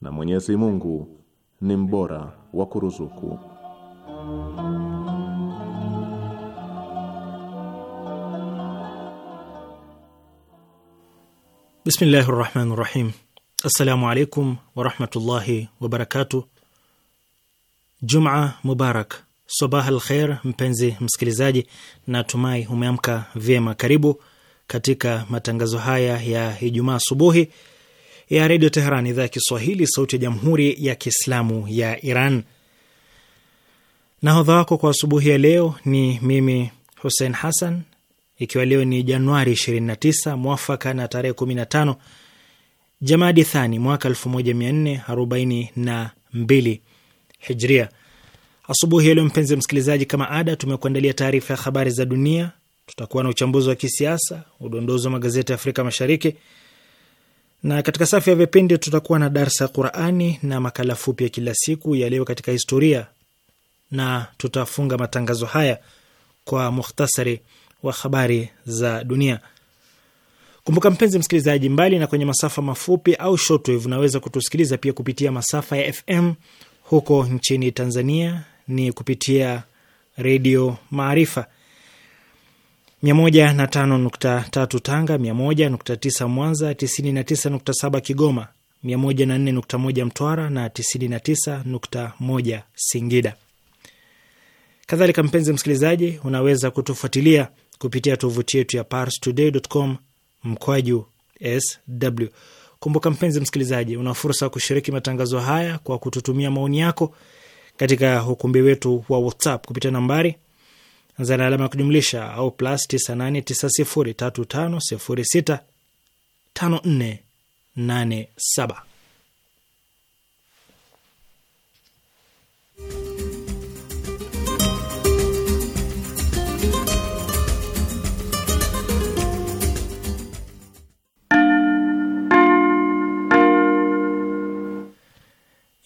na Mwenyezi Mungu ni mbora wa kuruzuku. Bismillahi rahmani rahim. Assalamu alaikum warahmatullahi wabarakatu. Juma mubarak, sabah alkhair. mpenzi msikilizaji, na tumai umeamka vyema. Karibu katika matangazo haya ya Ijumaa asubuhi ya Redio Teheran, idhaa ya Kiswahili, sauti ya Jamhuri ya Kiislamu ya Iran. Nahodha wako kwa asubuhi ya leo ni mimi Hussein Hassan, ikiwa leo ni Januari 29 mwafaka na tarehe 15 Jamadi Thani mwaka 1442 Hijria. Asubuhi ya leo, mpenzi msikilizaji, kama ada, tumekuandalia taarifa ya habari za dunia, tutakuwa na uchambuzi wa kisiasa, udondozi wa magazeti ya Afrika Mashariki, na katika safu ya vipindi tutakuwa na darsa ya Qurani na makala fupi ya kila siku ya leo katika historia, na tutafunga matangazo haya kwa mukhtasari wa habari za dunia. Kumbuka mpenzi msikilizaji, mbali na kwenye masafa mafupi au shortwave, unaweza kutusikiliza pia kupitia masafa ya FM. Huko nchini Tanzania ni kupitia Redio Maarifa. 105.3 Tanga, 101.9 Mwanza, 99.7 Kigoma, 104.1 Mtwara na 99.1 Singida. Kadhalika, mpenzi msikilizaji, unaweza kutufuatilia kupitia tovuti yetu ya parstoday.com mkwaju sw. Kumbuka mpenzi msikilizaji, una fursa ya kushiriki matangazo haya kwa kututumia maoni yako katika ukumbi wetu wa WhatsApp kupitia nambari za alama ya kujumlisha au plus 989035065487.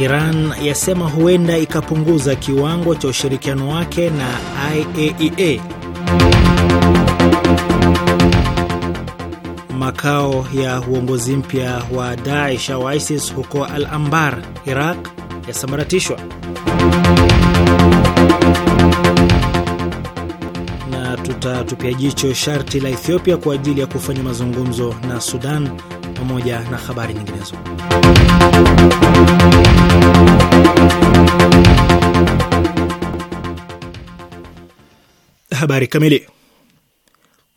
Iran yasema huenda ikapunguza kiwango cha ushirikiano wake na IAEA. E Makao ya uongozi mpya wa Daesh au ISIS huko Al Ambar, Iraq yasambaratishwa. Na tutatupia jicho sharti la Ethiopia kwa ajili ya kufanya mazungumzo na Sudan pamoja na habari nyinginezo. Habari kamili.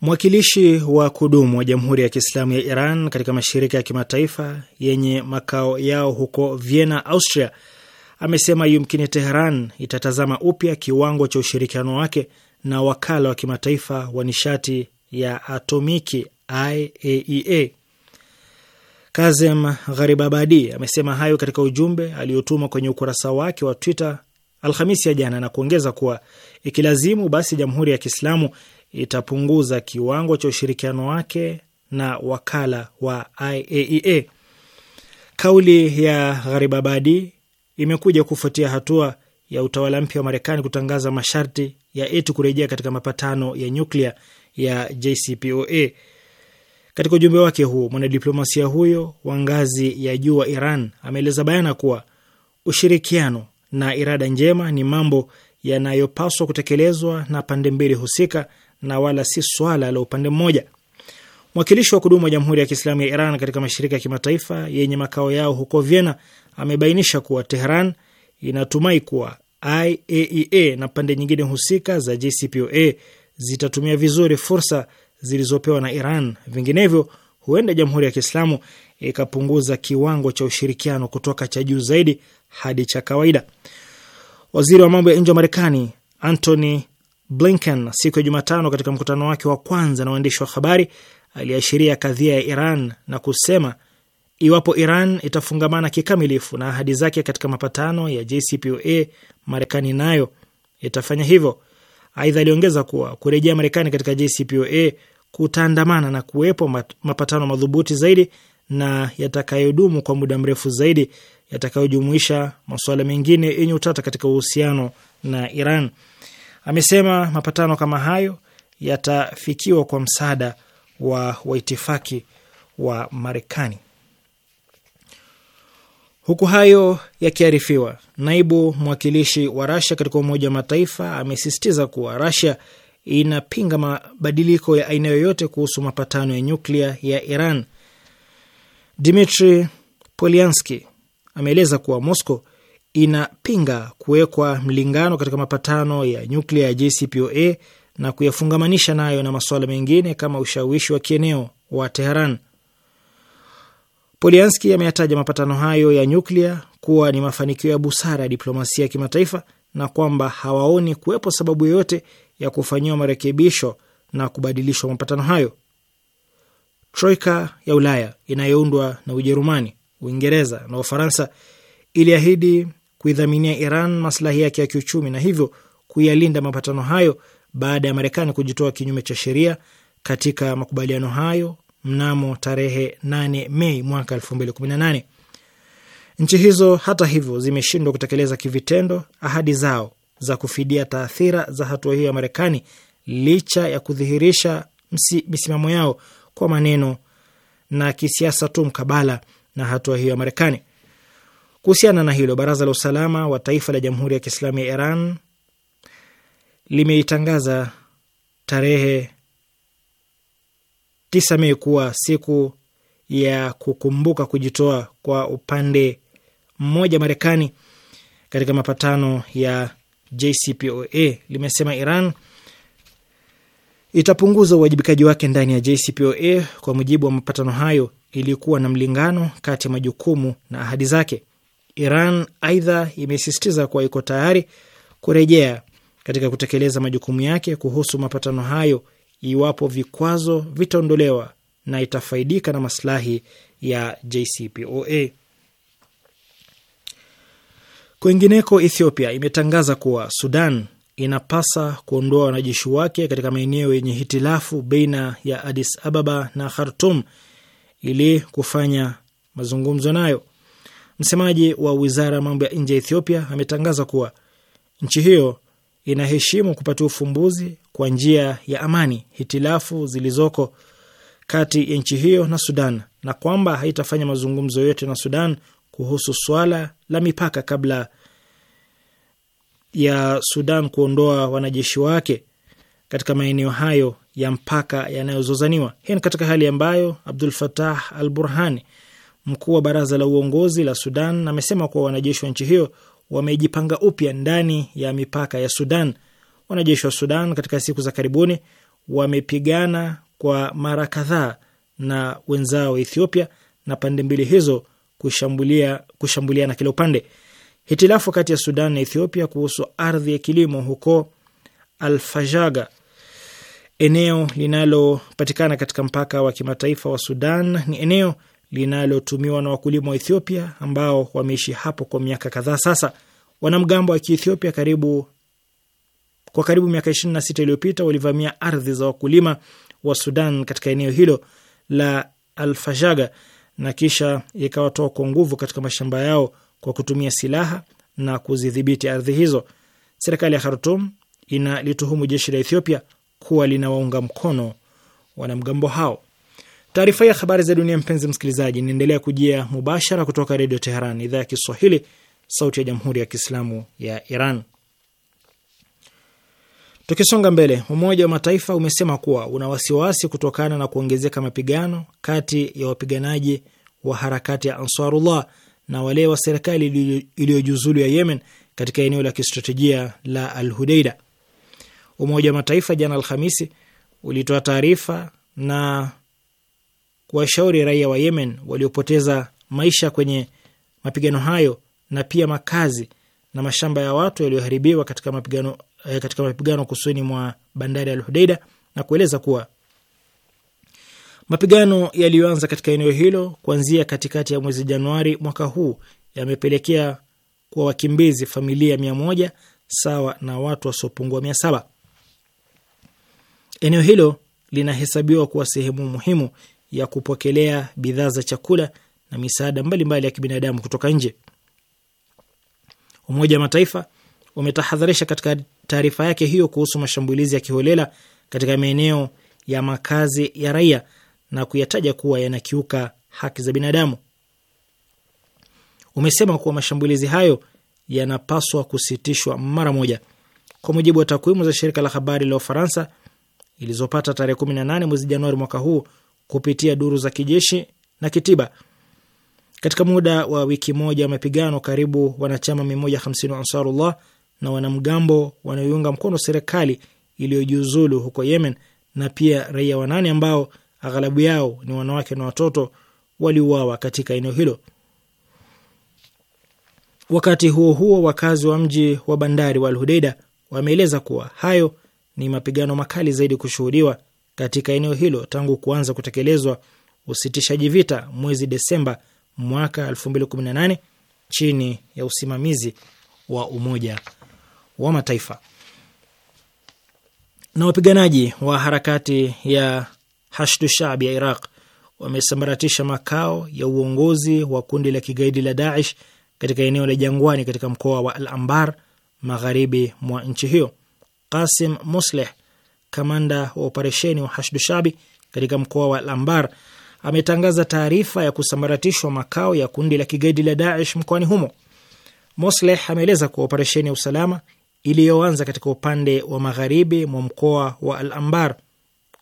Mwakilishi wa kudumu wa Jamhuri ya Kiislamu ya Iran katika mashirika ya kimataifa yenye makao yao huko Vienna, Austria, amesema yumkini Teheran itatazama upya kiwango cha ushirikiano wake na wakala wa kimataifa wa nishati ya atomiki IAEA e Kazem Gharibabadi amesema hayo katika ujumbe aliotuma kwenye ukurasa wake wa Twitter Alhamisi ya jana na kuongeza kuwa ikilazimu, basi Jamhuri ya Kiislamu itapunguza kiwango cha ushirikiano wake na wakala wa IAEA. E Kauli ya Gharibabadi imekuja kufuatia hatua ya utawala mpya wa Marekani kutangaza masharti ya eti kurejea katika mapatano ya nyuklia ya JCPOA. Katika ujumbe wake huo, mwanadiplomasia huyo wa ngazi ya juu wa Iran ameeleza bayana kuwa ushirikiano na irada njema ni mambo yanayopaswa kutekelezwa na pande mbili husika na wala si swala la upande mmoja. Mwakilishi wa kudumu wa Jamhuri ya Kiislamu ya Iran katika mashirika ya kimataifa yenye makao yao huko Vienna amebainisha kuwa Tehran inatumai kuwa IAEA e na pande nyingine husika za JCPOA zitatumia vizuri fursa zilizopewa na Iran. Vinginevyo, huenda Jamhuri ya Kiislamu ikapunguza kiwango cha ushirikiano kutoka cha juu zaidi hadi cha kawaida. Waziri wa mambo ya nje wa Marekani Antony Blinken siku ya Jumatano, katika mkutano wake wa kwanza na waandishi wa habari, aliashiria kadhia ya Iran na kusema iwapo Iran itafungamana kikamilifu na ahadi zake katika mapatano ya JCPOA, Marekani nayo itafanya hivyo. Aidha, aliongeza kuwa kurejea Marekani katika JCPOA kutaandamana na kuwepo mapatano madhubuti zaidi na yatakayodumu kwa muda mrefu zaidi yatakayojumuisha masuala mengine yenye utata katika uhusiano na Iran. Amesema mapatano kama hayo yatafikiwa kwa msaada wa waitifaki wa Marekani. Huku hayo yakiarifiwa, naibu mwakilishi wa Rasia katika Umoja wa Mataifa amesisitiza kuwa Rasia inapinga mabadiliko ya aina yoyote kuhusu mapatano ya nyuklia ya Iran. Dmitri Polianski ameeleza kuwa Moscow inapinga kuwekwa mlingano katika mapatano ya nyuklia ya JCPOA na kuyafungamanisha nayo na masuala mengine kama ushawishi wa kieneo wa Teheran. Polianski ameyataja mapatano hayo ya nyuklia kuwa ni mafanikio ya busara ya diplomasia ya kimataifa na kwamba hawaoni kuwepo sababu yoyote ya kufanyiwa marekebisho na kubadilishwa mapatano hayo. Troika ya Ulaya inayoundwa na Ujerumani, Uingereza na Ufaransa iliahidi kuidhaminia Iran maslahi yake ya kiuchumi na hivyo kuyalinda mapatano hayo baada ya Marekani kujitoa kinyume cha sheria katika makubaliano hayo mnamo tarehe 8 Mei mwaka 2018. Nchi hizo hata hivyo zimeshindwa kutekeleza kivitendo ahadi zao za kufidia taathira za hatua hiyo ya Marekani licha ya kudhihirisha misimamo yao kwa maneno na kisiasa tu mkabala na hatua hiyo ya Marekani. Kuhusiana na hilo, Baraza la Usalama wa Taifa la Jamhuri ya Kiislamu ya Iran limeitangaza tarehe tisa Mei kuwa siku ya kukumbuka kujitoa kwa upande mmoja Marekani katika mapatano ya JCPOA limesema Iran itapunguza uwajibikaji wake ndani ya JCPOA. Kwa mujibu wa mapatano hayo, ilikuwa na mlingano kati ya majukumu na ahadi zake. Iran aidha imesisitiza kuwa iko tayari kurejea katika kutekeleza majukumu yake kuhusu mapatano hayo iwapo vikwazo vitaondolewa na itafaidika na maslahi ya JCPOA. Kwingineko, Ethiopia imetangaza kuwa Sudan inapasa kuondoa wanajeshi wake katika maeneo yenye hitilafu baina ya Addis Ababa na Khartum ili kufanya mazungumzo nayo. Msemaji wa wizara ya mambo ya nje ya Ethiopia ametangaza kuwa nchi hiyo inaheshimu kupatia ufumbuzi kwa njia ya amani hitilafu zilizoko kati ya nchi hiyo na Sudan na kwamba haitafanya mazungumzo yote na Sudan kuhusu swala la mipaka kabla ya Sudan kuondoa wanajeshi wake katika maeneo hayo ya mpaka yanayozozaniwa. Hii ni katika hali ambayo Abdul Fatah Al Burhani, mkuu wa baraza la uongozi la Sudan, amesema kuwa wanajeshi wa nchi hiyo wamejipanga upya ndani ya mipaka ya Sudan. Wanajeshi wa Sudan katika siku za karibuni wamepigana kwa mara kadhaa na wenzao wa Ethiopia na pande mbili hizo kushambulia kushambuliana kila upande. Hitilafu kati ya Sudan na Ethiopia kuhusu ardhi ya kilimo huko Alfajaga, eneo linalopatikana katika mpaka wa kimataifa wa Sudan, ni eneo linalotumiwa na wakulima wa Ethiopia ambao wameishi hapo kwa miaka kadhaa sasa. Wanamgambo wa Kiethiopia karibu kwa karibu miaka 26 iliyopita walivamia ardhi za wakulima wa Sudan katika eneo hilo la Alfashaga na kisha ikawatoa kwa nguvu katika mashamba yao kwa kutumia silaha na kuzidhibiti ardhi hizo. Serikali ya Khartum inalituhumu jeshi la Ethiopia kuwa linawaunga mkono wanamgambo hao. Taarifa ya habari za dunia, mpenzi msikilizaji, inaendelea kujia mubashara kutoka Redio Teheran, idhaa ya Kiswahili, sauti ya Jamhuri ya Kiislamu ya Iran. Tukisonga mbele, Umoja wa Mataifa umesema kuwa una wasiwasi kutokana na kuongezeka mapigano kati ya wapiganaji wa harakati ya Ansarullah na wale wa serikali iliyojuzulu ya Yemen katika eneo la kistratejia la Al Hudeida. Umoja wa Mataifa jana Alhamisi ulitoa taarifa na kuwashauri raia wa Yemen waliopoteza maisha kwenye mapigano hayo na pia makazi na mashamba ya watu yaliyoharibiwa katika mapigano, eh, katika mapigano kusini mwa bandari ya Al-Hudaida na kueleza kuwa mapigano yaliyoanza katika eneo hilo kuanzia katikati ya mwezi Januari mwaka huu yamepelekea kwa wakimbizi familia mia moja sawa na watu wasiopungua mia saba. Eneo hilo linahesabiwa kuwa sehemu muhimu ya kupokelea bidhaa za chakula na misaada mbalimbali ya kibinadamu kutoka nje. Umoja wa Mataifa umetahadharisha katika taarifa yake hiyo kuhusu mashambulizi ya kiholela katika maeneo ya makazi ya raia na kuyataja kuwa yanakiuka haki za binadamu. Umesema kuwa mashambulizi hayo yanapaswa kusitishwa mara moja. Kwa mujibu wa takwimu za shirika la habari la Ufaransa ilizopata tarehe 18 mwezi Januari mwaka huu, kupitia duru za kijeshi na kitiba. Katika muda wa wiki moja ya mapigano, karibu wanachama 150 wa Ansarullah na wanamgambo wanaoiunga mkono serikali iliyojiuzulu huko Yemen na pia raia wanane ambao aghalabu yao ni wanawake na watoto waliuawa katika eneo hilo. Wakati huo huo, wakazi wa mji wa bandari wa Alhudeida wameeleza kuwa hayo ni mapigano makali zaidi kushuhudiwa katika eneo hilo tangu kuanza kutekelezwa usitishaji vita mwezi Desemba mwaka 2018 chini ya usimamizi wa Umoja wa Mataifa. Na wapiganaji wa harakati ya Hashdu Shaabi ya Iraq wamesambaratisha makao ya uongozi wa kundi la kigaidi la Daesh katika eneo la jangwani katika mkoa wa Al Ambar magharibi mwa nchi hiyo. Qasim musleh kamanda wa operesheni wa Hashdushabi katika mkoa wa Lambar ametangaza taarifa ya kusambaratishwa makao ya kundi la kigaidi la Daesh mkoani humo. Mosleh ameeleza kuwa operesheni ya usalama iliyoanza katika upande wa magharibi mwa mkoa wa Al Ambar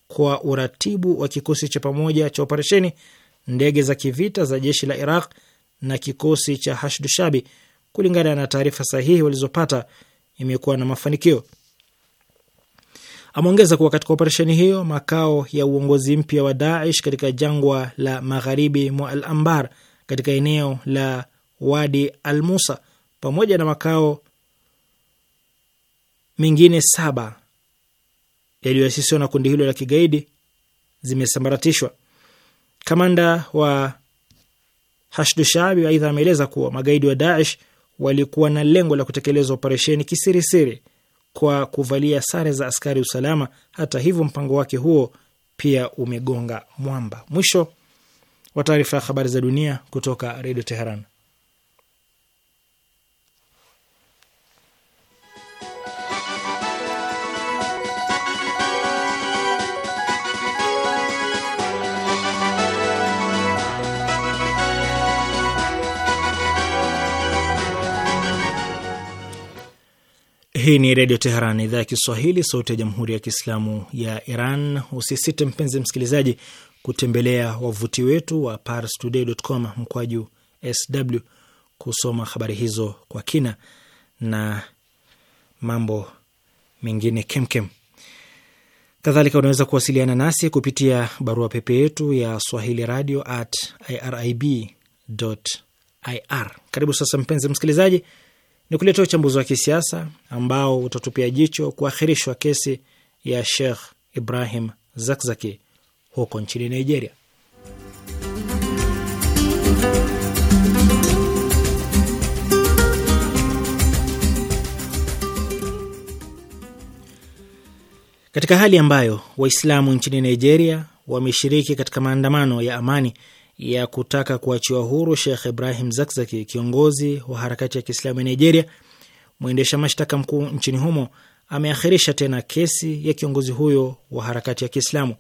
kwa uratibu wa kikosi cha pamoja cha operesheni, ndege za kivita za jeshi la Iraq na kikosi cha Hashdushabi, kulingana na taarifa sahihi walizopata, imekuwa na mafanikio. Ameongeza kuwa katika operesheni hiyo makao ya uongozi mpya wa Daesh katika jangwa la magharibi mwa Al Ambar katika eneo la Wadi Al Musa pamoja na makao mengine saba yaliyoasisiwa na kundi hilo la kigaidi zimesambaratishwa. Kamanda wa Hashdu Shaabi aidha ameeleza kuwa magaidi wa Daesh walikuwa na lengo la kutekeleza operesheni kisirisiri kwa kuvalia sare za askari usalama. Hata hivyo, mpango wake huo pia umegonga mwamba. Mwisho wa taarifa ya habari za dunia kutoka Redio Teheran. Hii ni Redio Teheran, idhaa ya Kiswahili, sauti ya Jamhuri ya Kiislamu ya Iran. Usisite mpenzi msikilizaji, kutembelea wavuti wetu wa parstoday.com mkwaju sw kusoma habari hizo kwa kina na mambo mengine kemkem. Kadhalika unaweza kuwasiliana nasi kupitia barua pepe yetu ya swahili radio at irib ir. Karibu sasa, mpenzi msikilizaji ni kuleta uchambuzi wa kisiasa ambao utatupia jicho kuahirishwa kesi ya Sheikh Ibrahim Zakzaki huko nchini Nigeria. Katika hali ambayo Waislamu nchini Nigeria wameshiriki katika maandamano ya amani ya kutaka kuachiwa huru Sheikh Ibrahim Zakzaki, kiongozi wa harakati ya Kiislamu ya Nigeria, mwendesha mashtaka mkuu nchini humo ameakhirisha tena kesi ya kiongozi huyo wa harakati ya Kiislamu.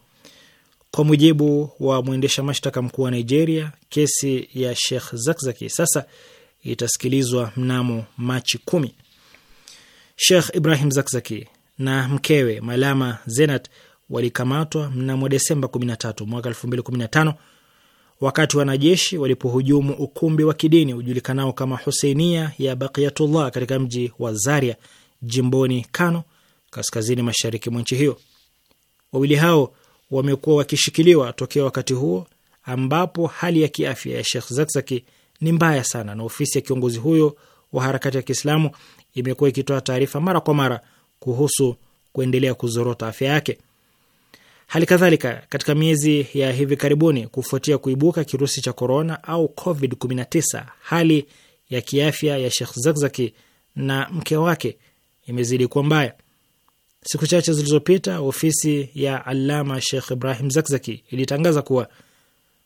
Kwa mujibu wa mwendesha mashtaka mkuu wa Nigeria, kesi ya Sheikh Zakzaki sasa itasikilizwa mnamo Machi kumi. Sheikh Ibrahim Zakzaki na mkewe Malama Zenat walikamatwa mnamo Desemba 13 mwaka 2015 wakati wanajeshi walipohujumu ukumbi wa kidini ujulikanao kama Huseinia ya Baqiyatullah katika mji wa Zaria jimboni Kano, kaskazini mashariki mwa nchi hiyo. Wawili hao wamekuwa wakishikiliwa tokea wakati huo ambapo hali ya kiafya ya Sheikh Zakzaki ni mbaya sana, na ofisi ya kiongozi huyo wa harakati ya Kiislamu imekuwa ikitoa taarifa mara kwa mara kuhusu kuendelea kuzorota afya yake. Hali kadhalika katika miezi ya hivi karibuni, kufuatia kuibuka kirusi cha korona au COVID-19, hali ya kiafya ya Sheikh Zakzaki na mke wake imezidi kuwa mbaya. Siku chache zilizopita, ofisi ya Allama Sheikh Ibrahim Zakzaki ilitangaza kuwa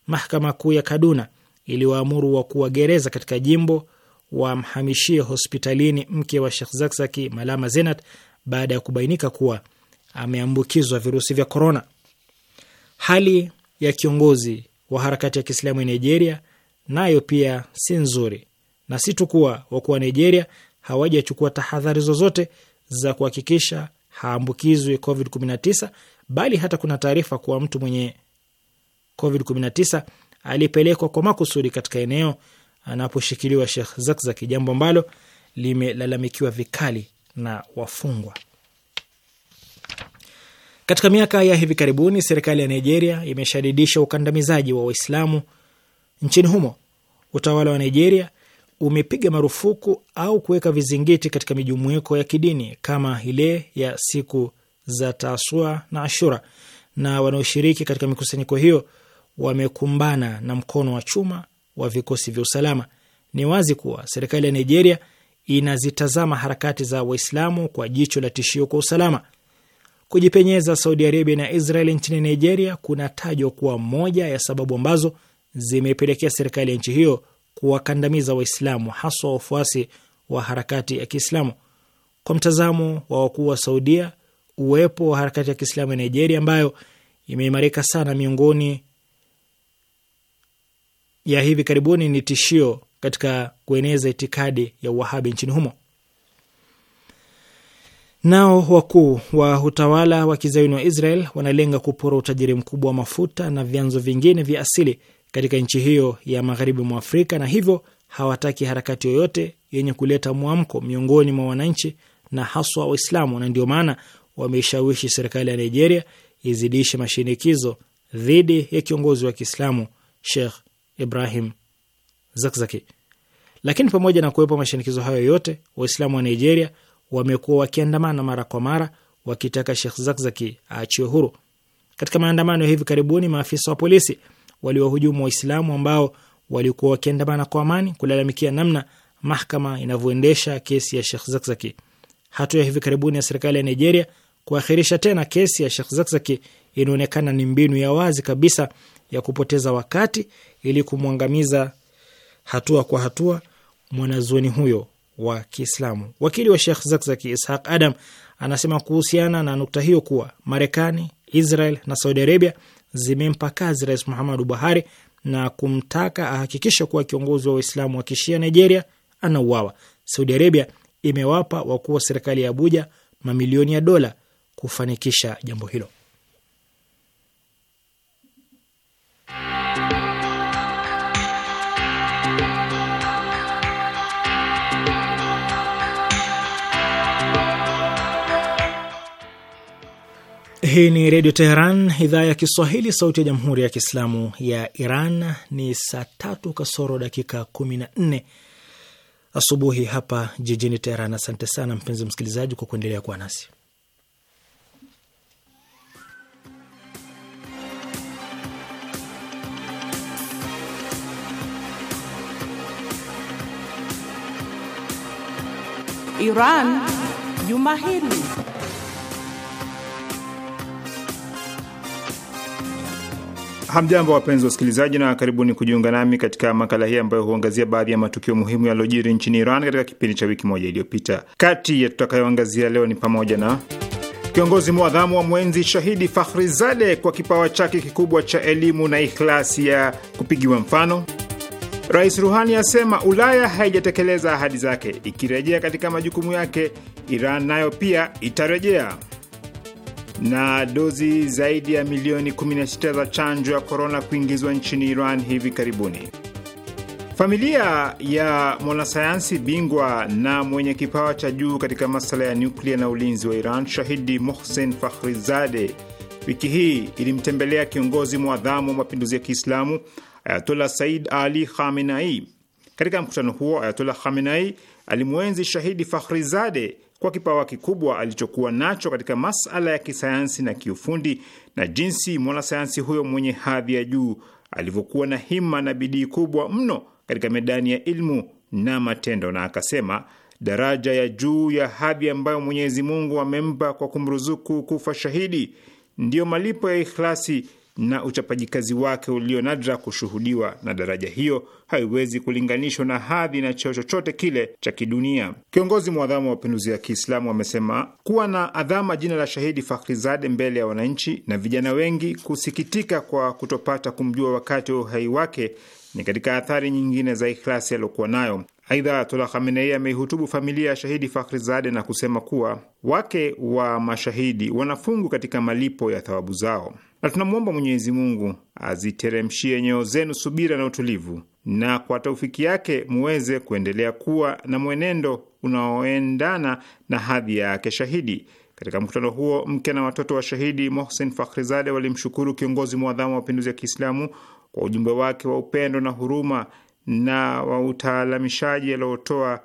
mahakama kuu ya Kaduna iliwaamuru wakuu wa gereza katika jimbo wamhamishie hospitalini mke wa Sheikh Zakzaki, Malama Zenat, baada ya kubainika kuwa ameambukizwa virusi vya korona. Hali ya kiongozi wa harakati ya Kiislamu ya Nigeria nayo pia si nzuri, na si tu kuwa wakuu wa Nigeria hawajachukua tahadhari zozote za kuhakikisha haambukizwi COVID-19, bali hata kuna taarifa kuwa mtu mwenye COVID-19 alipelekwa kwa makusudi katika eneo anaposhikiliwa Sheikh Zakzaki, jambo ambalo limelalamikiwa vikali na wafungwa. Katika miaka ya hivi karibuni, serikali ya Nigeria imeshadidisha ukandamizaji wa Waislamu nchini humo. Utawala wa Nigeria umepiga marufuku au kuweka vizingiti katika mijumuiko ya kidini kama ile ya siku za Taasua na Ashura, na wanaoshiriki katika mikusanyiko hiyo wamekumbana na mkono wa chuma wa vikosi vya usalama. Ni wazi kuwa serikali ya Nigeria inazitazama harakati za Waislamu kwa jicho la tishio kwa usalama. Kujipenyeza Saudi Arabia na Israel nchini Nigeria kunatajwa kuwa moja ya sababu ambazo zimepelekea serikali ya nchi hiyo kuwakandamiza Waislamu, haswa wafuasi wa harakati ya Kiislamu. Kwa mtazamo wa wakuu wa Saudia, uwepo wa harakati ya Kiislamu ya Nigeria ambayo imeimarika sana miongoni ya hivi karibuni ni tishio katika kueneza itikadi ya Uwahabi nchini humo. Nao wakuu wa utawala wa kizayuni wa Israel wanalenga kupora utajiri mkubwa wa mafuta na vyanzo vingine vya asili katika nchi hiyo ya magharibi mwa Afrika, na hivyo hawataki harakati yoyote yenye kuleta mwamko miongoni mwa wananchi na haswa Waislamu, na ndio maana wameishawishi serikali ya Nigeria izidishe mashinikizo dhidi ya kiongozi wa Kiislamu Sheikh Ibrahim Zakzaki. Lakini pamoja na kuwepo mashinikizo hayo yote, Waislamu wa Nigeria wamekuwa wakiandamana mara kwa mara wakitaka Sheikh Zakzaki aachiwe huru. Katika maandamano ya hivi karibuni, maafisa wa polisi waliwahujumu Waislamu ambao walikuwa wakiandamana kwa amani kulalamikia namna mahakama inavyoendesha kesi ya Sheikh Zakzaki. Hatua ya hivi karibuni ya serikali ya Nigeria kuakhirisha tena kesi ya Sheikh Zakzaki inaonekana ni mbinu ya wazi kabisa ya kupoteza wakati ili kumwangamiza hatua kwa hatua mwanazuoni huyo wa Kiislamu. Wakili wa Shekh Zakzaki Ishaq Adam anasema kuhusiana na nukta hiyo kuwa Marekani, Israel na Saudi Arabia zimempa kazi Rais Muhammadu Buhari na kumtaka ahakikishe kuwa kiongozi wa Waislamu wa kishia Nigeria anauawa. Saudi Arabia imewapa wakuu wa serikali ya Abuja mamilioni ya dola kufanikisha jambo hilo. Hii ni Redio Teheran, idhaa ya Kiswahili, sauti ya Jamhuri ya Kiislamu ya Iran. Ni saa tatu kasoro dakika kumi na nne asubuhi hapa jijini Teheran. Asante sana mpenzi msikilizaji kwa kuendelea kuwa nasi. Iran Juma Hili. Hamjambo, wapenzi wasikilizaji, na karibuni kujiunga nami katika makala hii ambayo huangazia baadhi ya matukio muhimu yaliyojiri nchini Iran katika kipindi cha wiki moja iliyopita. Kati ya tutakayoangazia leo ni pamoja na kiongozi mwadhamu wa mwenzi shahidi Fakhrizade kwa kipawa chake kikubwa cha elimu na ikhlasi ya kupigiwa mfano. Rais Ruhani asema Ulaya haijatekeleza ahadi zake, ikirejea katika majukumu yake Iran nayo pia itarejea na dozi zaidi ya milioni 16 za chanjo ya korona kuingizwa nchini Iran hivi karibuni. Familia ya mwanasayansi bingwa na mwenye kipawa cha juu katika masala ya nyuklia na ulinzi wa Iran, Shahidi Mohsen Fakhrizade, wiki hii ilimtembelea kiongozi mwadhamu wa mapinduzi ya Kiislamu Ayatollah Said Ali Khamenai. Katika mkutano huo, Ayatollah Khamenai alimwenzi Shahidi Fakhrizade kwa kipawa kikubwa alichokuwa nacho katika masala ya kisayansi na kiufundi na jinsi mwanasayansi huyo mwenye hadhi ya juu alivyokuwa na hima na bidii kubwa mno katika medani ya ilmu na matendo, na akasema daraja ya juu ya hadhi ambayo Mwenyezi Mungu amempa kwa kumruzuku kufa shahidi ndiyo malipo ya ikhlasi na uchapaji kazi wake ulio nadra kushuhudiwa, na daraja hiyo haiwezi kulinganishwa na hadhi na cheo chochote kile cha kidunia. Kiongozi mwadhamu wa mapinduzi ya Kiislamu amesema kuwa na adhama jina la shahidi Fakhrizade mbele ya wananchi na vijana wengi kusikitika kwa kutopata kumjua wakati wa uhai wake ni katika athari nyingine za ikhlasi aliyokuwa nayo. Aidha, Ayatullah Khamenei ameihutubu familia ya shahidi Fakhrizade na kusema kuwa wake wa mashahidi wanafungu katika malipo ya thawabu zao na tunamwomba Mwenyezi Mungu aziteremshie nyoyo zenu subira na utulivu, na kwa taufiki yake muweze kuendelea kuwa na mwenendo unaoendana na hadhi yake shahidi. Katika mkutano huo, mke na watoto wa shahidi Mohsen Fakhrizade walimshukuru kiongozi mwadhamu wa mapinduzi ya Kiislamu kwa ujumbe wake wa upendo na huruma na wa utaalamishaji aliotoa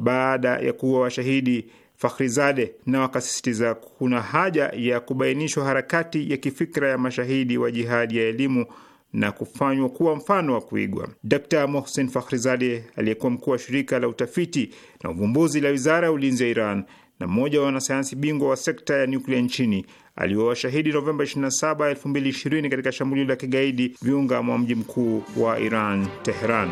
baada ya kuwa washahidi Fakhrizade na wakasisitiza kuna haja ya kubainishwa harakati ya kifikra ya mashahidi wa jihadi ya elimu na kufanywa kuwa mfano wa kuigwa. Dkt Mohsen Fakhrizade aliyekuwa mkuu wa shirika la utafiti na uvumbuzi la wizara ya ulinzi ya Iran na mmoja wa wanasayansi bingwa wa sekta ya nyuklia nchini aliwa shahidi Novemba 27, 2020 katika shambulio la kigaidi viunga mwa mji mkuu wa Iran, Teheran.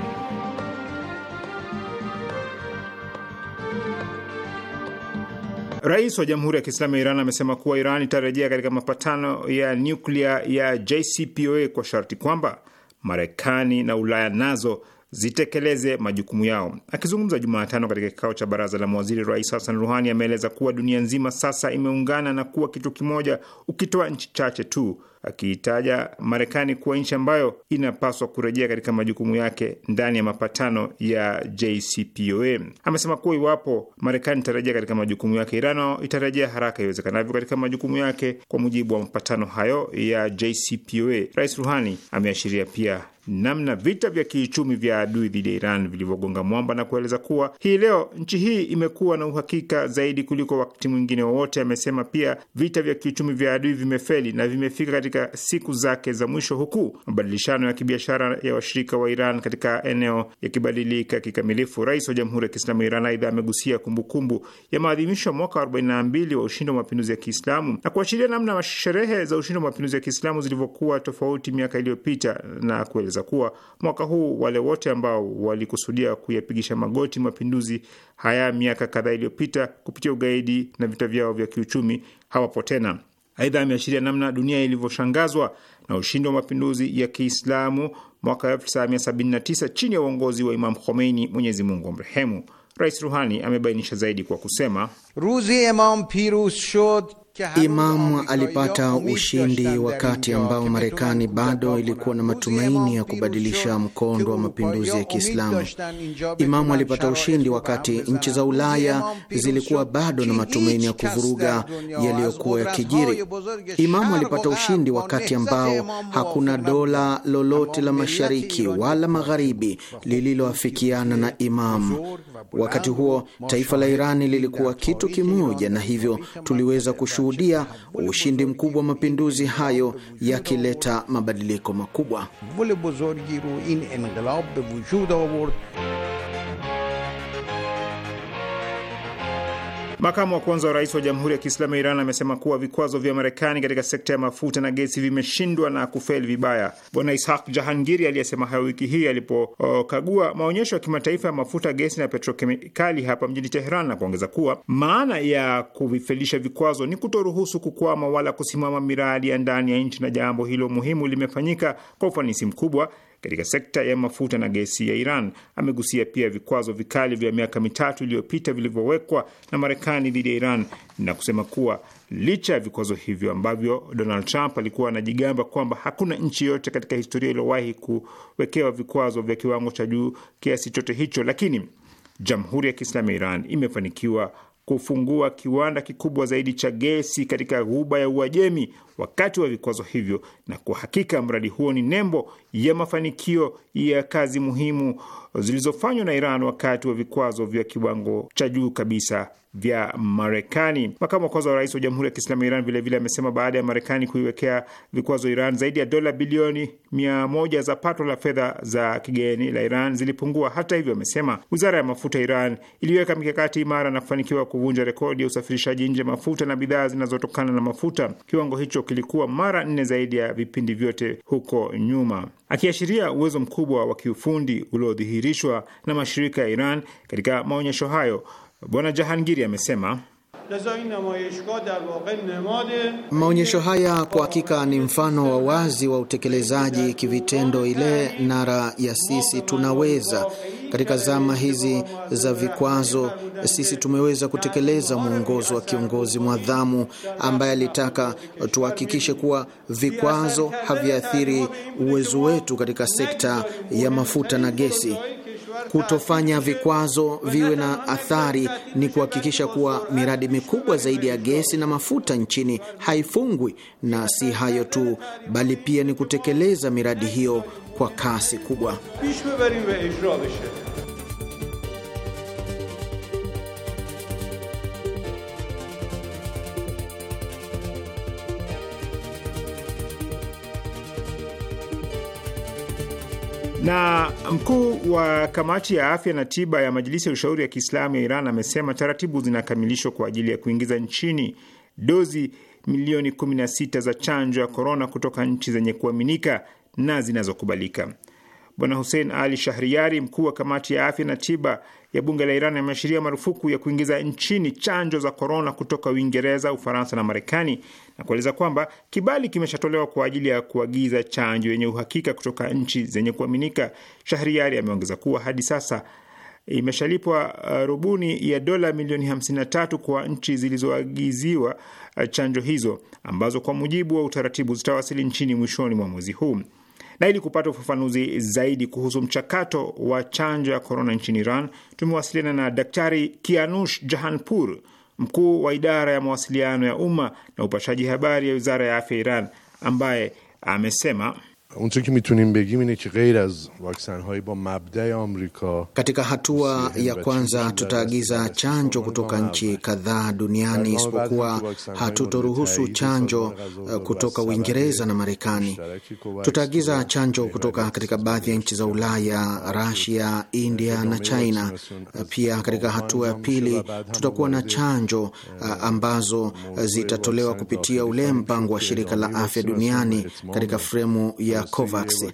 Rais wa Jamhuri ya Kiislamu ya Iran amesema kuwa Iran itarejea katika mapatano ya nyuklia ya JCPOA kwa sharti kwamba Marekani na Ulaya nazo zitekeleze majukumu yao. Akizungumza Jumatano katika kikao cha baraza la mawaziri, Rais Hassan Ruhani ameeleza kuwa dunia nzima sasa imeungana na kuwa kitu kimoja, ukitoa nchi chache tu akiitaja Marekani kuwa nchi ambayo inapaswa kurejea katika majukumu yake ndani ya mapatano ya JCPOA. Amesema kuwa iwapo Marekani itarejea katika majukumu yake, Iran itarejea haraka iwezekanavyo katika majukumu yake kwa mujibu wa mapatano hayo ya JCPOA. Rais Ruhani ameashiria pia namna vita vya kiuchumi vya adui dhidi ya Iran vilivyogonga mwamba na kueleza kuwa hii leo nchi hii imekuwa na uhakika zaidi kuliko wakati mwingine wowote. Amesema pia vita vya kiuchumi vya adui vimefeli na vimefika katika siku zake za mwisho, huku mabadilishano ya kibiashara ya washirika wa Iran katika eneo yakibadilika kikamilifu. Rais wa Jamhuri ya Kiislamu ya Iran aidha amegusia kumbukumbu ya maadhimisho ya mwaka 42 wa ushindi wa mapinduzi ya Kiislamu na kuashiria namna sherehe za ushindi wa mapinduzi ya Kiislamu zilivyokuwa tofauti miaka iliyopita na kueleza kuongeza kuwa mwaka huu wale wote ambao walikusudia kuyapigisha magoti mapinduzi haya miaka kadhaa iliyopita kupitia ugaidi na vita vyao vya kiuchumi hawapo tena. Aidha, ameashiria namna dunia ilivyoshangazwa na ushindi wa mapinduzi ya Kiislamu mwaka 1979 chini ya uongozi wa Imam Khomeini, Mwenyezi Mungu amrehemu. Rais Ruhani amebainisha zaidi kwa kusema, ruzi imam piruz shod Imamu alipata ushindi wakati ambao Marekani bado ilikuwa na matumaini ya kubadilisha mkondo wa mapinduzi ya Kiislamu. Imamu alipata ushindi wakati nchi za Ulaya zilikuwa bado na matumaini ya kuvuruga yaliyokuwa ya kijiri. Imamu alipata ushindi wakati ambao hakuna dola lolote la mashariki wala magharibi lililoafikiana na Imamu. Wakati huo taifa la Irani lilikuwa kitu kimoja, na hivyo tuliweza kushu kushuhudia ushindi mkubwa wa mapinduzi hayo yakileta mabadiliko makubwa. Makamu wa kwanza wa rais wa Jamhuri ya Kiislamu ya Iran amesema kuwa vikwazo vya Marekani katika sekta ya mafuta na gesi vimeshindwa na kufeli vibaya. Bwana Ishaq Jahangiri aliyesema hayo wiki hii alipokagua maonyesho ya kimataifa ya mafuta, gesi na petrokemikali hapa mjini Teheran na kuongeza kuwa maana ya kuvifelisha vikwazo ni kutoruhusu kukwama wala kusimama miradi ya ndani ya nchi, na jambo hilo muhimu limefanyika kwa ufanisi mkubwa katika sekta ya mafuta na gesi ya Iran. Amegusia pia vikwazo vikali vya miaka mitatu iliyopita vilivyowekwa na Marekani dhidi ya Iran na kusema kuwa licha ya vikwazo hivyo ambavyo Donald Trump alikuwa anajigamba kwamba hakuna nchi yoyote katika historia iliyowahi kuwekewa vikwazo vya kiwango cha juu kiasi chote hicho, lakini Jamhuri ya Kiislamu ya Iran imefanikiwa kufungua kiwanda kikubwa zaidi cha gesi katika ghuba ya Uajemi wakati wa vikwazo hivyo, na kwa hakika mradi huo ni nembo ya mafanikio ya kazi muhimu zilizofanywa na Iran wakati wa vikwazo vya kiwango cha juu kabisa vya Marekani. Makamu wa kwanza wa rais wa Jamhuri ya Kiislamu ya Iran vilevile amesema baada ya Marekani kuiwekea vikwazo Iran, zaidi ya dola bilioni mia moja za pato la fedha za kigeni la Iran zilipungua. Hata hivyo, amesema wizara ya mafuta ya Iran iliweka mikakati imara na kufanikiwa kuvunja rekodi ya usafirishaji nje mafuta na bidhaa zinazotokana na mafuta. Kiwango hicho kilikuwa mara nne zaidi ya vipindi vyote huko nyuma akiashiria uwezo mkubwa wa kiufundi uliodhihirishwa na mashirika ya Iran katika maonyesho hayo. Bwana Jahangiri amesema Maonyesho haya kwa hakika ni mfano wa wazi wa utekelezaji kivitendo ile nara ya sisi tunaweza. Katika zama hizi za vikwazo, sisi tumeweza kutekeleza mwongozo wa kiongozi mwadhamu ambaye alitaka tuhakikishe kuwa vikwazo haviathiri uwezo wetu katika sekta ya mafuta na gesi kutofanya vikwazo viwe na athari ni kuhakikisha kuwa miradi mikubwa zaidi ya gesi na mafuta nchini haifungwi, na si hayo tu, bali pia ni kutekeleza miradi hiyo kwa kasi kubwa. Na mkuu wa kamati ya afya na tiba ya Majilisi ya Ushauri ya Kiislamu ya Iran amesema taratibu zinakamilishwa kwa ajili ya kuingiza nchini dozi milioni 16 za chanjo ya korona kutoka nchi zenye kuaminika na zinazokubalika. Bwana Hussein Ali Shahriari, mkuu wa kamati ya afya na tiba ya bunge la Iran, ameashiria marufuku ya kuingiza nchini chanjo za korona kutoka Uingereza, Ufaransa na Marekani na kueleza kwamba kibali kimeshatolewa kwa ajili ya kuagiza chanjo yenye uhakika kutoka nchi zenye kuaminika. Shahriari ameongeza kuwa hadi sasa imeshalipwa uh, rubuni ya dola milioni 53 kwa nchi zilizoagiziwa uh, chanjo hizo ambazo kwa mujibu wa utaratibu zitawasili nchini mwishoni mwa mwezi huu. Na ili kupata ufafanuzi zaidi kuhusu mchakato wa chanjo ya korona nchini Iran, tumewasiliana na Daktari Kianush Jahanpur, mkuu wa idara ya mawasiliano ya umma na upashaji habari ya wizara ya afya Iran, ambaye amesema اونچه که میتونیم بگیم اینه که غیر از واکسن ba با ya آمریکا Katika hatua ya kwanza tutaagiza chanjo kutoka nchi kadhaa duniani isipokuwa hatutoruhusu chanjo kutoka Uingereza na Marekani. Tutaagiza chanjo kutoka katika baadhi ya nchi za Ulaya, Russia, India na China. Pia katika hatua ya pili tutakuwa na chanjo ambazo zitatolewa kupitia ule mpango wa shirika la afya duniani katika fremu ya COVAX.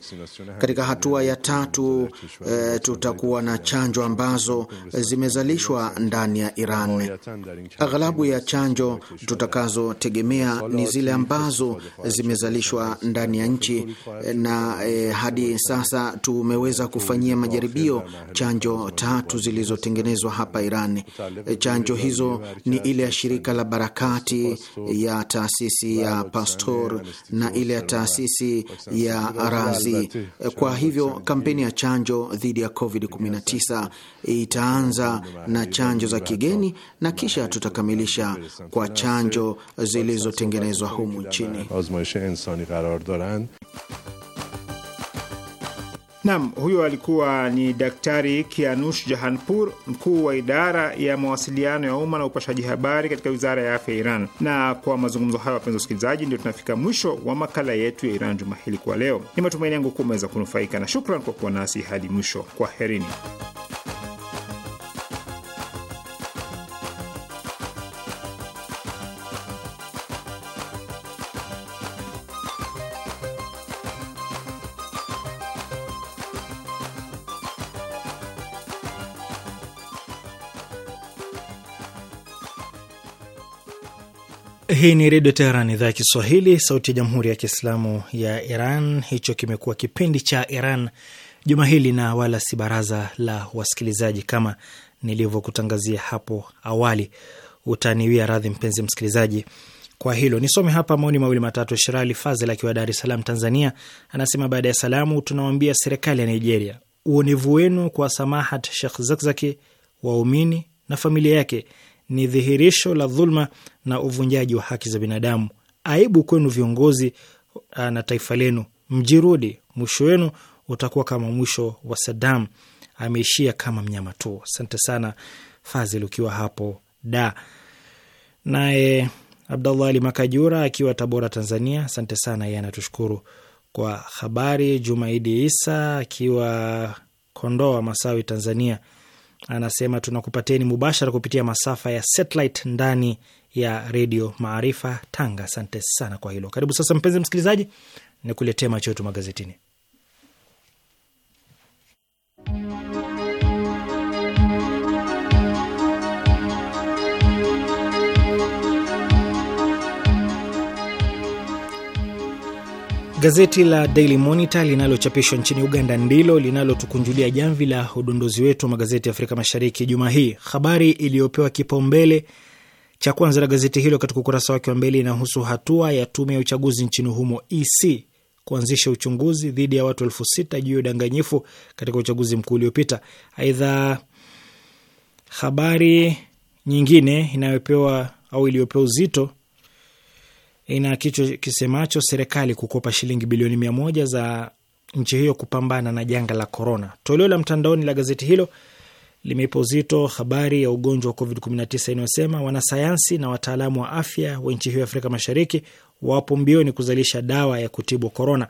Katika hatua ya tatu, e, tutakuwa na chanjo ambazo zimezalishwa ndani ya Iran. Aghalabu ya chanjo tutakazotegemea ni zile ambazo zimezalishwa ndani ya nchi eh, na e, hadi sasa tumeweza kufanyia majaribio chanjo tatu zilizotengenezwa hapa Iran. Chanjo hizo ni ile ya shirika la Barakati ya taasisi ya Pasteur na ile ya taasisi ya ya Razi. Kwa hivyo kampeni ya chanjo dhidi ya COVID-19 itaanza na chanjo za kigeni na kisha tutakamilisha kwa chanjo zilizotengenezwa humu nchini. Nam, huyo alikuwa ni Daktari Kianush Jahanpur, mkuu wa idara ya mawasiliano ya umma na upashaji habari katika wizara ya afya ya Iran. Na kwa mazungumzo hayo, wapenzi wasikilizaji, ndio tunafika mwisho wa makala yetu ya Iran juma hili kwa leo. Ni matumaini yangu kuwa umeweza kunufaika, na shukran kwa kuwa nasi hadi mwisho. kwa herini Hii ni Redio Teheran, idhaa ya Kiswahili, sauti ya Jamhuri ya Kiislamu ya Iran. Hicho kimekuwa kipindi cha Iran juma hili, na wala si baraza la wasikilizaji kama nilivyokutangazia hapo awali. Utaniwia radhi mpenzi msikilizaji kwa hilo. Nisome hapa maoni mawili matatu. Shirali Fazel akiwa Dar es Salaam, Tanzania, anasema baada ya salamu, tunawambia serikali ya Nigeria, uonevu wenu kwa Samahat Shekh Zakzaki, waumini na familia yake ni dhihirisho la dhulma na uvunjaji wa haki za binadamu. Aibu kwenu viongozi ah, na taifa lenu, mjirudi, mwisho wenu utakuwa kama mwisho wa Saddam, ameishia kama mnyama tu. Asante sana Fazil ukiwa hapo da. Naye Abdallah Ali Makajura akiwa Tabora, Tanzania, asante sana, yeye anatushukuru kwa habari. Jumaidi Isa akiwa Kondoa Masawi, Tanzania anasema tunakupateni mubashara kupitia masafa ya satellite ndani ya redio Maarifa Tanga. Asante sana kwa hilo. Karibu sasa, mpenzi msikilizaji, nikuletee macho yetu magazetini. Gazeti la Daily Monitor linalochapishwa nchini Uganda ndilo linalotukunjulia jamvi la udondozi wetu wa magazeti ya Afrika Mashariki juma hii. Habari iliyopewa kipaumbele cha kwanza la gazeti hilo katika ukurasa wake wa mbele inahusu hatua ya tume ya uchaguzi nchini humo EC kuanzisha uchunguzi dhidi ya watu elfu sita juu ya udanganyifu katika uchaguzi mkuu uliopita. Aidha, habari nyingine inayopewa au iliyopewa uzito ina kichwa kisemacho serikali kukopa shilingi bilioni mia moja za nchi hiyo kupambana na janga la korona. Toleo la mtandaoni la gazeti hilo limeipa uzito habari ya ugonjwa wa COVID-19 inayosema wanasayansi na wataalamu wa afya wa nchi hiyo ya Afrika Mashariki wapo mbioni kuzalisha dawa ya kutibu korona.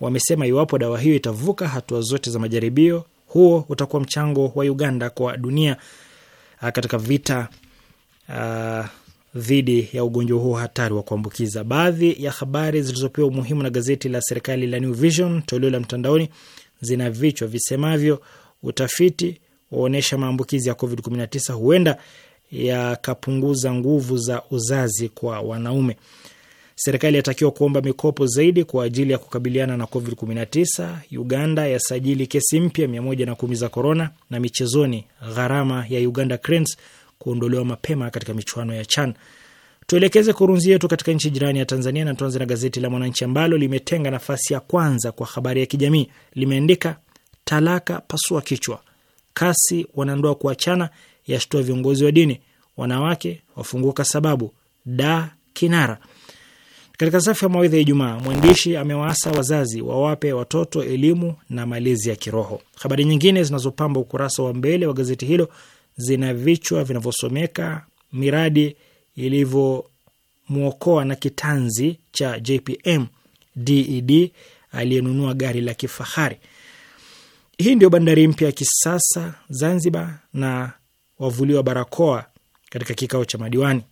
Wamesema iwapo dawa hiyo itavuka hatua zote za majaribio, huo utakuwa mchango wa Uganda kwa dunia ah, katika vita uh, dhidi ya ugonjwa huo hatari wa kuambukiza. Baadhi ya habari zilizopewa umuhimu na gazeti la serikali la New Vision toleo la mtandaoni zina vichwa visemavyo: utafiti waonyesha maambukizi ya COVID-19 huenda yakapunguza nguvu za uzazi kwa wanaume. Serikali yatakiwa kuomba mikopo zaidi kwa ajili ya kukabiliana na COVID-19. Uganda yasajili kesi mpya 110 za korona, na michezoni, gharama ya Uganda Cranes kuondolewa mapema katika michuano ya CHAN. Tuelekeze kurunzi yetu katika nchi jirani ya Tanzania na tuanze na gazeti la Mwananchi ambalo limetenga nafasi ya kwanza kwa habari ya kijamii. Limeandika talaka pasua kichwa, kasi wanandoa kuachana yashtua viongozi wa dini, wanawake wafunguka sababu da kinara. Katika safu ya mawaidha ya Ijumaa, mwandishi amewaasa wazazi wawape watoto elimu na malezi ya kiroho. Habari nyingine zinazopamba ukurasa wa mbele wa gazeti hilo zina vichwa vinavyosomeka miradi ilivyomwokoa na kitanzi cha JPM DED aliyenunua gari la kifahari. Hii ndio bandari mpya ya kisasa Zanzibar na wavuliwa barakoa katika kikao cha madiwani.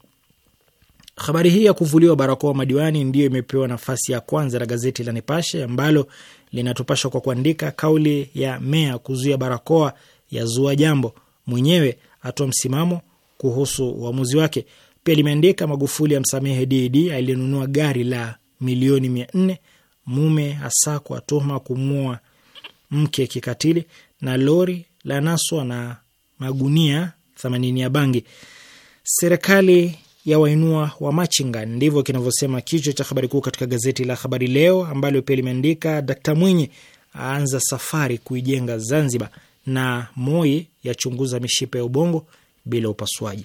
Habari hii ya kuvuliwa barakoa madiwani ndiyo imepewa nafasi ya kwanza na gazeti la Nipashe ambalo linatupasha kwa kuandika kauli ya meya kuzuia barakoa ya zua jambo mwenyewe atoa msimamo kuhusu uamuzi wake. Pia limeandika Magufuli ya msamehe DD e aliyenunua gari la milioni mia nne, mume asakwa tuhuma kumua mke kikatili, na lori la naswa na magunia 80 ya bangi. Serikali ya wainua wa machinga, ndivyo kinavyosema kichwa cha habari kuu katika gazeti la Habari Leo, ambalo pia limeandika Dkt Mwinyi aanza safari kuijenga Zanzibar na Moi yachunguza mishipa ya ubongo bila upasuaji.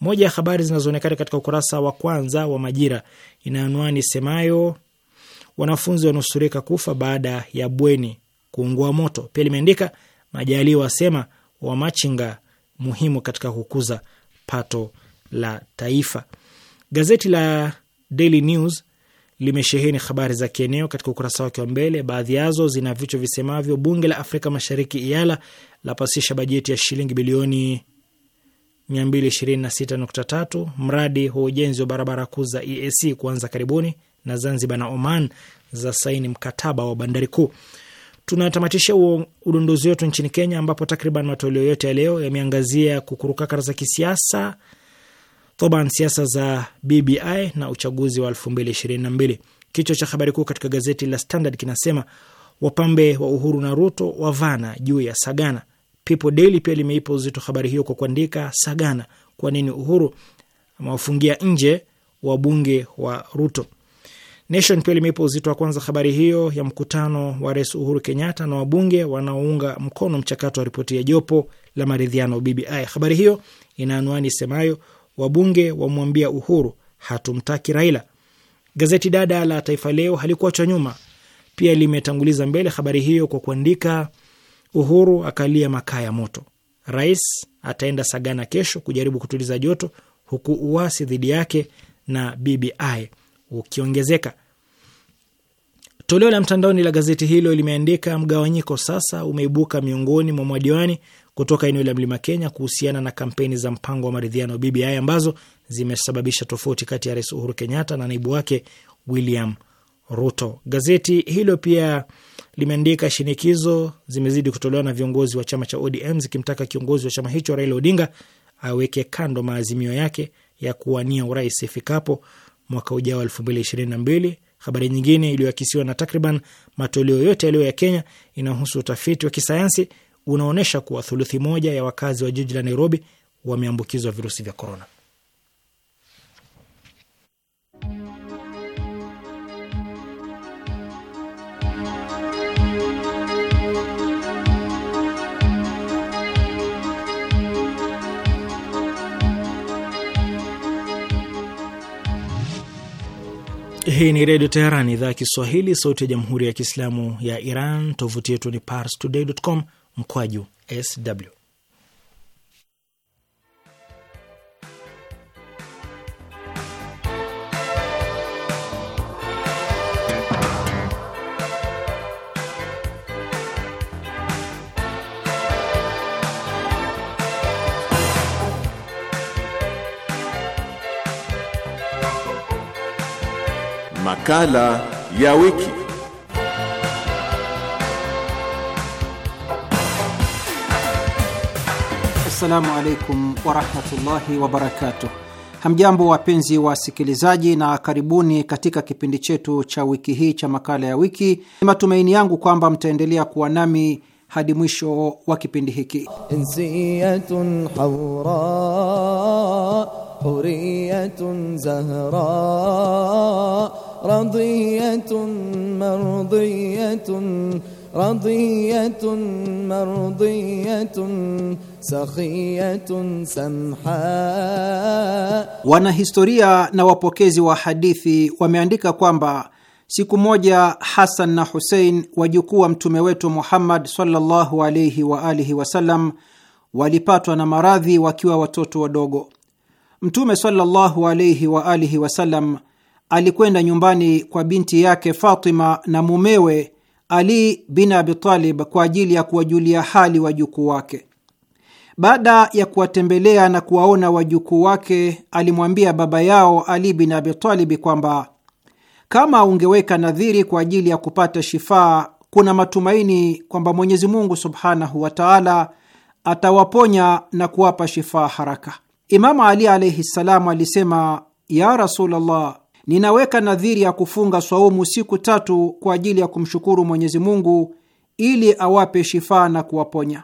Moja ya habari zinazoonekana katika ukurasa wa kwanza wa Majira ina anwani semayo wanafunzi wanusurika kufa baada ya bweni kuungua moto. Pia limeandika Majaliwa wasema wamachinga muhimu katika kukuza pato la taifa. Gazeti la Daily News limesheheni habari za kieneo katika ukurasa wake wa mbele. Baadhi yazo zina vichwa visemavyo: bunge la Afrika Mashariki iala lapasisha bajeti ya shilingi bilioni 226.3 mradi wa ujenzi wa barabara kuu za EAC kuanza karibuni, na Zanzibar na Oman za saini mkataba wa bandari kuu. Tunatamatisha udondozi wetu nchini Kenya, ambapo takriban matoleo yote ya leo yameangazia kukurukakara za kisiasa toban siasa za BBI na uchaguzi wa 2022. Kichwa cha habari kuu katika gazeti la Standard kinasema wapambe wa Uhuru na Ruto wavana juu ya Sagana. People Daily pia limeipa uzito habari hiyo kwa kuandika, Sagana, kwa nini Uhuru amewafungia nje wabunge wa Ruto. Nation pia limeipa uzito wa kwanza habari hiyo ya mkutano wa Rais Uhuru Kenyatta na wabunge wanaounga mkono mchakato wa ripoti ya jopo la maridhiano BBI. Habari hiyo ina anwani semayo wabunge wamwambia Uhuru hatumtaki Raila. Gazeti dada la Taifa Leo halikuachwa nyuma, pia limetanguliza mbele habari hiyo kwa kuandika Uhuru akalia makaa ya moto. Rais ataenda Sagana kesho kujaribu kutuliza joto, huku uasi dhidi yake na BBI ukiongezeka. Toleo la mtandaoni la gazeti hilo limeandika mgawanyiko sasa umeibuka miongoni mwa madiwani kutoka eneo la Mlima Kenya kuhusiana na kampeni za mpango wa maridhiano BBI ambazo zimesababisha tofauti kati ya Rais Uhuru Kenyatta na naibu wake William Ruto. Gazeti hilo pia limeandika shinikizo zimezidi kutolewa na viongozi wa chama cha ODM zikimtaka kiongozi wa chama hicho Raila Odinga aweke kando maazimio yake ya kuwania urais ifikapo mwaka ujao mbili. Habari nyingine iliyoakisiwa na takriban matoleo yote yaliyo ya Kenya inahusu utafiti wa kisayansi unaonyesha kuwa thuluthi moja ya wakazi wa jiji la Nairobi wameambukizwa virusi vya korona. Hii ni Redio Teheran, idhaa ya Kiswahili, sauti ya Jamhuri ya Kiislamu ya Iran. Tovuti yetu ni parstoday.com mkwaju sw Makala ya wiki. Assalamu alaikum warahmatullahi wabarakatuh. Hamjambo wapenzi wasikilizaji, na karibuni katika kipindi chetu cha wiki hii cha makala ya wiki. Ni matumaini yangu kwamba mtaendelea kuwa nami hadi mwisho wa kipindi hiki. hawra huriyatun zahra رضية مرضية رضية مرضية سخية سمحاء. Wanahistoria na wapokezi wa hadithi wameandika kwamba siku moja Hasan na Husein wajukuu wa mtume wetu Muhammad sallallahu alaihi wa alihi wasallam walipatwa na maradhi wakiwa watoto wadogo. Mtume sallallahu alaihi wa alihi wasallam alikwenda nyumbani kwa binti yake Fatima na mumewe Ali bin Abi Talib kwa ajili ya kuwajulia hali wajukuu wake. Baada ya kuwatembelea na kuwaona wajukuu wake, alimwambia baba yao Ali bin Abi Talib kwamba kama ungeweka nadhiri kwa ajili ya kupata shifaa, kuna matumaini kwamba Mwenyezi Mungu subhanahu wa taala atawaponya na kuwapa shifaa haraka. Imamu Ali alaihi ssalam alisema, ya Rasulullah, Ninaweka nadhiri ya kufunga swaumu siku tatu kwa ajili ya kumshukuru Mwenyezi Mungu ili awape shifaa na kuwaponya.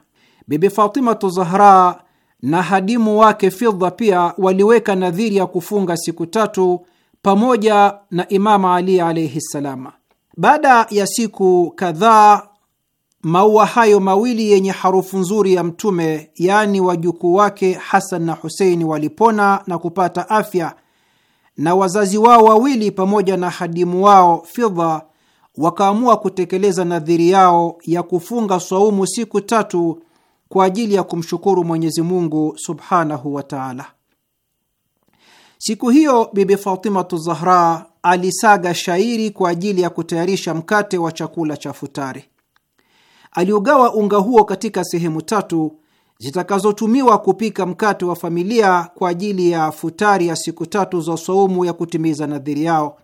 Bibi Fatimatu Zahra na hadimu wake Fidha pia waliweka nadhiri ya kufunga siku tatu pamoja na Imama Ali alaihi ssalama. Baada ya siku kadhaa, maua hayo mawili yenye harufu nzuri ya Mtume, yaani wajukuu wake Hasan na Huseini, walipona na kupata afya na wazazi wao wawili pamoja na hadimu wao Fidha wakaamua kutekeleza nadhiri yao ya kufunga swaumu siku tatu kwa ajili ya kumshukuru Mwenyezi Mungu subhanahu wa taala. Siku hiyo Bibi Fatimatu Zahra alisaga shairi kwa ajili ya kutayarisha mkate wa chakula cha futari. Aliugawa unga huo katika sehemu tatu zitakazotumiwa kupika mkate wa familia kwa ajili ya futari ya siku tatu za saumu ya kutimiza nadhiri yao.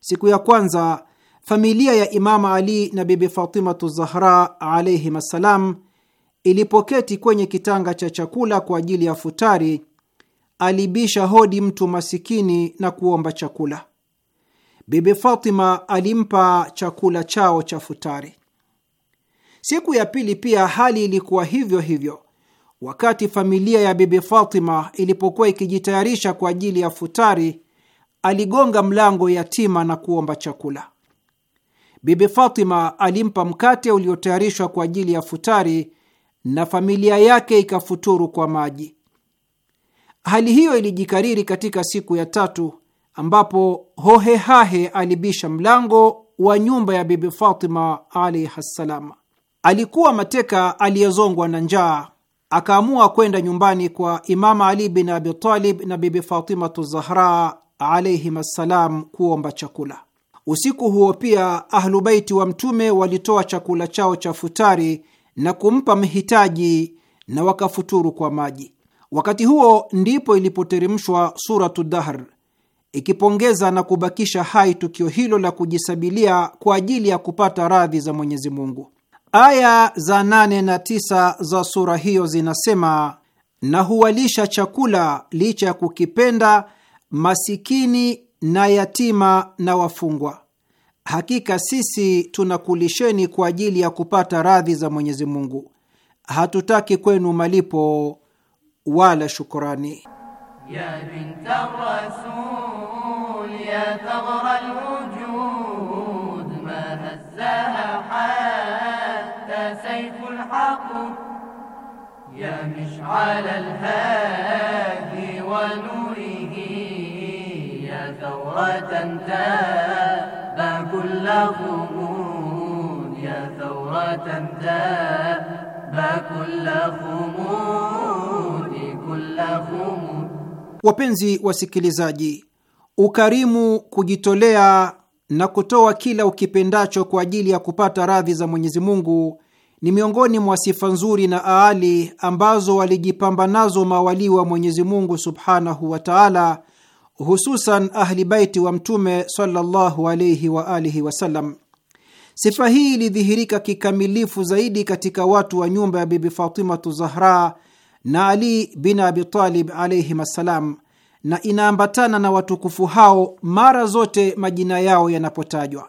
Siku ya kwanza familia ya Imama Ali na Bibi Fatimatu Zahra alaihim assalam ilipoketi kwenye kitanga cha chakula kwa ajili ya futari, alibisha hodi mtu masikini na kuomba chakula. Bibi Fatima alimpa chakula chao cha futari. Siku ya pili pia hali ilikuwa hivyo hivyo. Wakati familia ya Bibi Fatima ilipokuwa ikijitayarisha kwa ajili ya futari, aligonga mlango yatima na kuomba chakula. Bibi Fatima alimpa mkate uliotayarishwa kwa ajili ya futari na familia yake ikafuturu kwa maji. Hali hiyo ilijikariri katika siku ya tatu ambapo hohehahe alibisha mlango wa nyumba ya Bibi Fatima alaihi ssalam. Alikuwa mateka aliyezongwa na njaa akaamua kwenda nyumbani kwa Imama Ali bin Abi Talib na Bibi Fatimatu Zahra alaihim assalam kuomba chakula. Usiku huo pia Ahlubaiti wa Mtume walitoa chakula chao cha futari na kumpa mhitaji na wakafuturu kwa maji. Wakati huo ndipo ilipoteremshwa Suratu Dahr ikipongeza na kubakisha hai tukio hilo la kujisabilia kwa ajili ya kupata radhi za Mwenyezi Mungu. Aya za nane na tisa za sura hiyo zinasema, na huwalisha chakula licha ya kukipenda masikini na yatima na wafungwa. Hakika sisi tunakulisheni kwa ajili ya kupata radhi za Mwenyezi Mungu, hatutaki kwenu malipo wala shukurani ya binta rasul ya يا مشعل الهادي ونوره يا ثورة كل يا ثورة كل كل Wapenzi wasikilizaji, ukarimu, kujitolea na kutoa kila ukipendacho kwa ajili ya kupata radhi za Mwenyezi Mungu ni miongoni mwa sifa nzuri na aali ambazo walijipamba nazo mawalii wa Mwenyezi Mungu subhanahu wa taala, hususan Ahli Baiti wa Mtume sallallahu alaihi wa alihi wasallam. Sifa hii ilidhihirika kikamilifu zaidi katika watu wa nyumba ya Bibi Fatimatu Zahra na Ali bin Abitalib alaihim assalam, na inaambatana na watukufu hao mara zote majina yao yanapotajwa.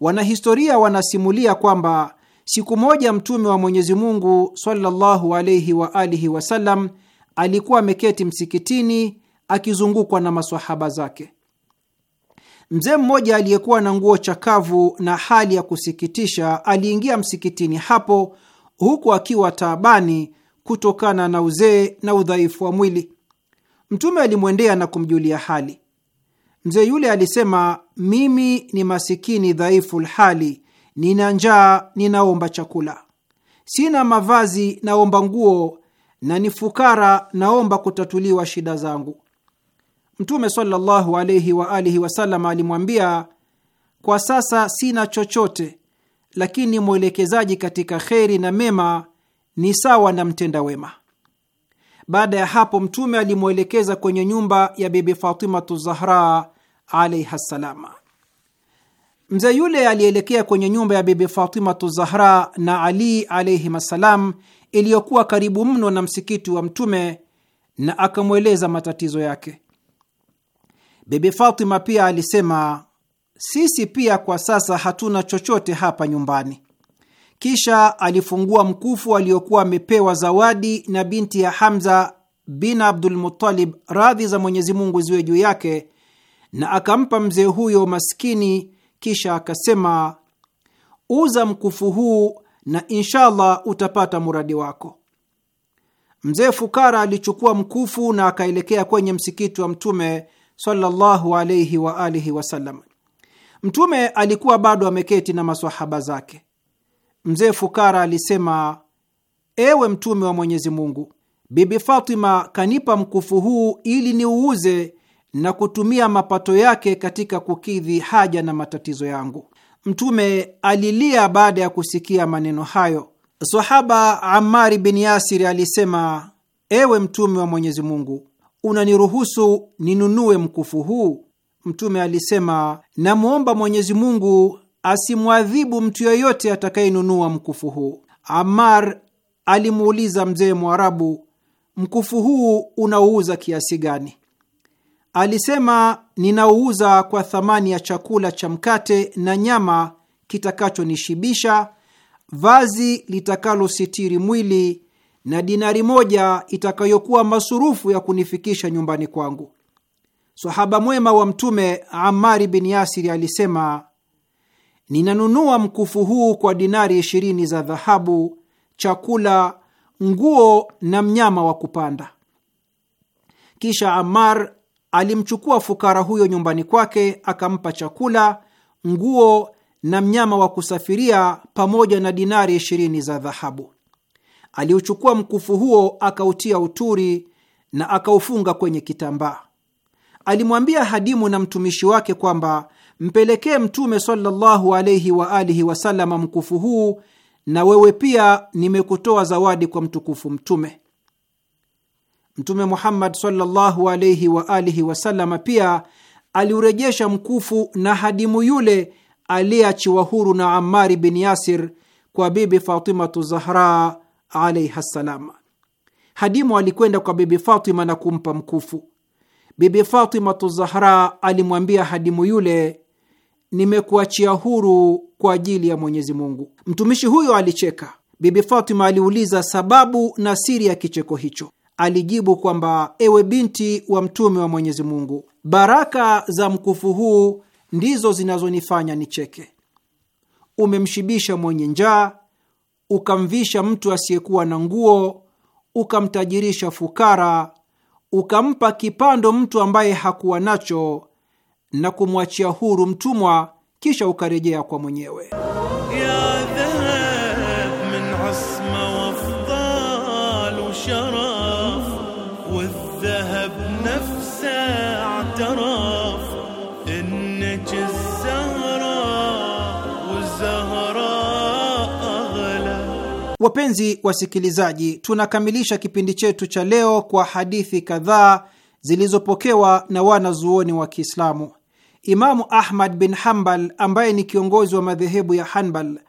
Wanahistoria wanasimulia kwamba Siku moja Mtume wa Mwenyezi Mungu sallallahu alayhi wa alihi wasallam alikuwa ameketi msikitini akizungukwa na maswahaba zake. Mzee mmoja aliyekuwa na nguo chakavu na hali ya kusikitisha aliingia msikitini hapo, huku akiwa taabani kutokana na uzee na udhaifu wa mwili. Mtume alimwendea na kumjulia hali. Mzee yule alisema, mimi ni masikini dhaifu hali nina njaa, ninaomba chakula, sina mavazi, naomba nguo, na ni fukara, naomba kutatuliwa shida zangu. Mtume sallallahu alayhi wa alihi wasallam alimwambia, kwa sasa sina chochote, lakini mwelekezaji katika kheri na mema ni sawa na mtenda wema. Baada ya hapo, Mtume alimwelekeza kwenye nyumba ya Bibi Fatimatu Zahra alaihi ssalama. Mzee yule alielekea kwenye nyumba ya Bibi Fatimatu Zahra na Ali alayhim assalam, iliyokuwa karibu mno na msikiti wa Mtume, na akamweleza matatizo yake. Bibi Fatima pia alisema, sisi pia kwa sasa hatuna chochote hapa nyumbani. Kisha alifungua mkufu aliyokuwa amepewa zawadi na binti ya Hamza bin Abdul Muttalib, radhi za Mwenyezi Mungu ziwe juu yake, na akampa mzee huyo maskini kisha akasema, uza mkufu huu na inshallah utapata muradi wako. Mzee Fukara alichukua mkufu na akaelekea kwenye msikiti wa Mtume sallallahu wa alihi wasallam. Mtume alikuwa bado ameketi na masahaba zake. Mzee Fukara alisema, ewe Mtume wa Mwenyezi Mungu, Bibi Fatima kanipa mkufu huu ili niuuze na kutumia mapato yake katika kukidhi haja na matatizo yangu. Mtume alilia baada ya kusikia maneno hayo. Sahaba Amari bin Yasiri alisema, ewe Mtume wa Mwenyezi Mungu, unaniruhusu ninunue mkufu huu? Mtume alisema, namwomba Mwenyezi Mungu asimwadhibu mtu yoyote atakayenunua mkufu huu. Amar alimuuliza mzee Mwarabu, mkufu huu unauuza kiasi gani? Alisema, ninauuza kwa thamani ya chakula cha mkate na nyama kitakachonishibisha, vazi litakalositiri mwili na dinari moja itakayokuwa masurufu ya kunifikisha nyumbani kwangu. Sahaba mwema wa Mtume Amari bin Yasiri alisema, ninanunua mkufu huu kwa dinari ishirini za dhahabu, chakula, nguo na mnyama wa kupanda. Kisha Amar alimchukua fukara huyo nyumbani kwake, akampa chakula, nguo na mnyama wa kusafiria pamoja na dinari ishirini za dhahabu. Aliuchukua mkufu huo akautia uturi na akaufunga kwenye kitambaa. Alimwambia hadimu na mtumishi wake kwamba mpelekee Mtume sallallahu alaihi wa alihi wasalama mkufu huu, na wewe pia nimekutoa zawadi kwa mtukufu Mtume. Mtume Muhammad sallallahu wa alihi wasalama pia aliurejesha mkufu na hadimu yule aliyeachiwa huru na Amari bin Yasir kwa Bibi Fatimatu Zahra alaiha ssalam. Hadimu alikwenda kwa Bibi Fatima na kumpa mkufu. Bibi Fatimatu Zahra alimwambia hadimu yule, nimekuachia huru kwa ajili ya Mwenyezi Mungu. Mtumishi huyo alicheka. Bibi Fatima aliuliza sababu na siri ya kicheko hicho alijibu kwamba ewe binti wa mtume wa Mwenyezi Mungu, baraka za mkufu huu ndizo zinazonifanya nicheke. Umemshibisha mwenye njaa, ukamvisha mtu asiyekuwa na nguo, ukamtajirisha fukara, ukampa kipando mtu ambaye hakuwa nacho, na kumwachia huru mtumwa, kisha ukarejea kwa mwenyewe. Wapenzi wasikilizaji, tunakamilisha kipindi chetu cha leo kwa hadithi kadhaa zilizopokewa na wanazuoni wa Kiislamu. Imamu Ahmad bin hambal ambaye ni kiongozi wa madhehebu ya Hanbal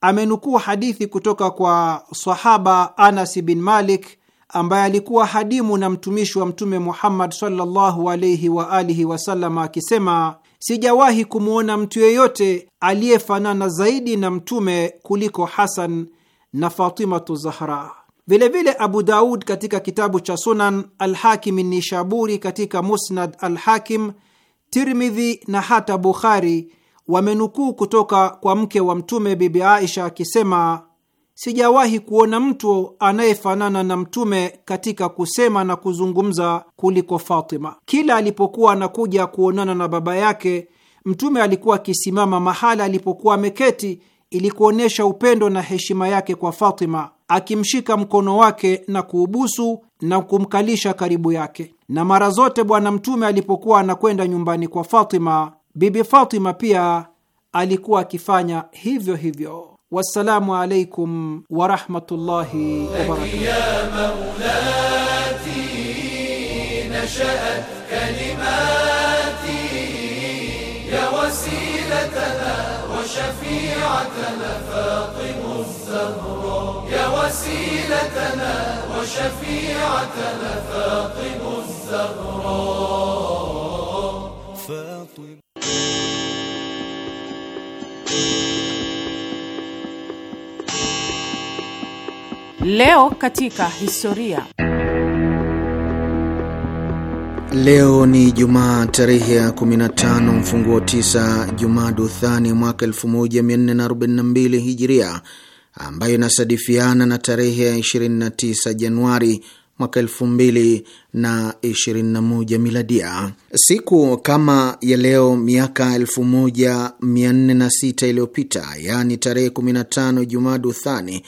amenukuu hadithi kutoka kwa sahaba Anas bin Malik ambaye alikuwa hadimu na mtumishi wa Mtume Muhammad sallallahu alaihi wa alihi wasallam akisema, sijawahi kumwona mtu yeyote aliyefanana zaidi na Mtume kuliko Hasan na Fatimatu Zahra. Vilevile Abu Daud katika kitabu cha Sunan, Alhakimi Nishaburi katika Musnad Alhakim, Tirmidhi na hata Bukhari wamenukuu kutoka kwa mke wa Mtume Bibi Aisha akisema, sijawahi kuona mtu anayefanana na Mtume katika kusema na kuzungumza kuliko Fatima. Kila alipokuwa anakuja kuonana na baba yake, Mtume alikuwa akisimama mahala alipokuwa ameketi ili kuonyesha upendo na heshima yake kwa Fatima, akimshika mkono wake na kuubusu na kumkalisha karibu yake. Na mara zote Bwana Mtume alipokuwa anakwenda nyumbani kwa Fatima, Bibi Fatima pia alikuwa akifanya hivyo hivyo. Wassalamu alaikum warahmatullahi wabarakatuh. شفيعتنا فاطم الزهراء يا وسيلتنا وشفيعتنا فاطم الزهراء فاطم Leo katika historia. Leo ni Jumaa tarehe ya 15 mfunguo 9 Jumada Uthani mwaka 1442 Hijiria, ambayo inasadifiana na tarehe ya 29 Januari mwaka 2021 Miladia. Siku kama ya leo miaka 1406 iliyopita, yaani tarehe 15 Jumada Uthani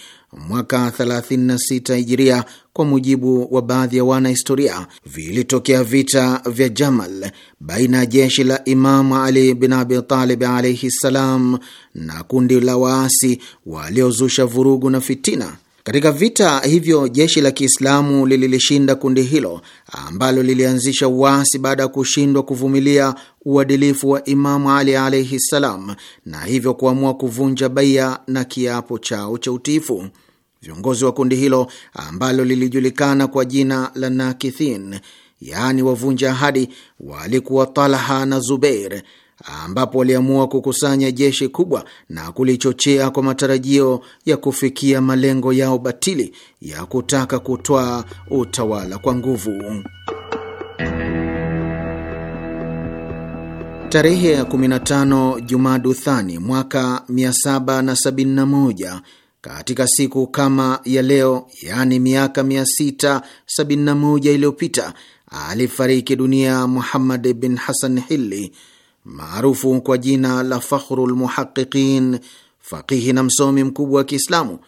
mwaka 36 Hijiria kwa mujibu wa baadhi ya wanahistoria, vilitokea vita vya Jamal baina ya jeshi la Imamu Ali bin Abi Talib alaihi ssalam na kundi la waasi waliozusha vurugu na fitina. Katika vita hivyo jeshi la Kiislamu lililishinda kundi hilo ambalo lilianzisha uasi baada ya kushindwa kuvumilia uadilifu wa Imamu Ali alaihi ssalam, na hivyo kuamua kuvunja baia na kiapo chao cha utiifu. Viongozi wa kundi hilo ambalo lilijulikana kwa jina la Nakithin, yaani wavunja ahadi, walikuwa Talha na Zubeir, ambapo waliamua kukusanya jeshi kubwa na kulichochea kwa matarajio ya kufikia malengo yao batili ya kutaka kutwaa utawala kwa nguvu. Tarehe ya 15 Jumadu Thani mwaka 771 katika siku kama ya leo, yaani miaka 671 iliyopita, alifariki dunia Muhammad bin Hasan Hilli maarufu kwa jina la Fakhru lmuhaqiqin, faqihi na msomi mkubwa wa Kiislamu.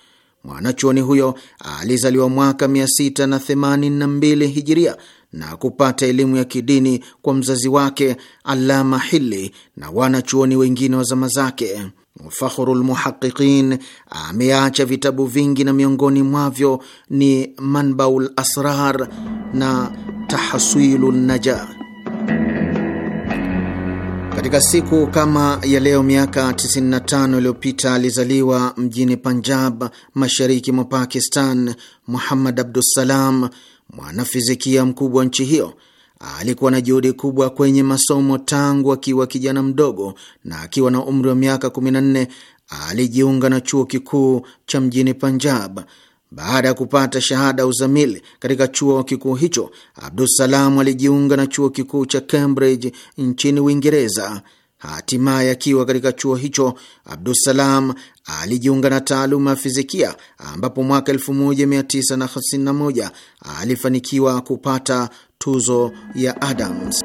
Mwanachuoni huyo alizaliwa mwaka 682 hijiria na kupata elimu ya kidini kwa mzazi wake Alama Hili na wanachuoni wengine wa zama zake. Fakhru Muhaqiqin ameacha vitabu vingi na miongoni mwavyo ni Manbaul Asrar na Tahaswilu Naja. Katika siku kama ya leo miaka 95 iliyopita alizaliwa mjini Panjab, mashariki mwa Pakistan, Muhammad Abdussalam, mwanafizikia mkubwa wa nchi hiyo Alikuwa na juhudi kubwa kwenye masomo tangu akiwa kijana mdogo, na akiwa na umri wa miaka 14 alijiunga na chuo kikuu cha mjini Punjab. Baada ya kupata shahada uzamili katika chuo kikuu hicho, Abdussalam alijiunga na chuo kikuu cha Cambridge nchini Uingereza. Hatimaye akiwa katika chuo hicho, Abdusalam alijiunga na taaluma ya fizikia ambapo mwaka 1951 alifanikiwa kupata tuzo ya Adams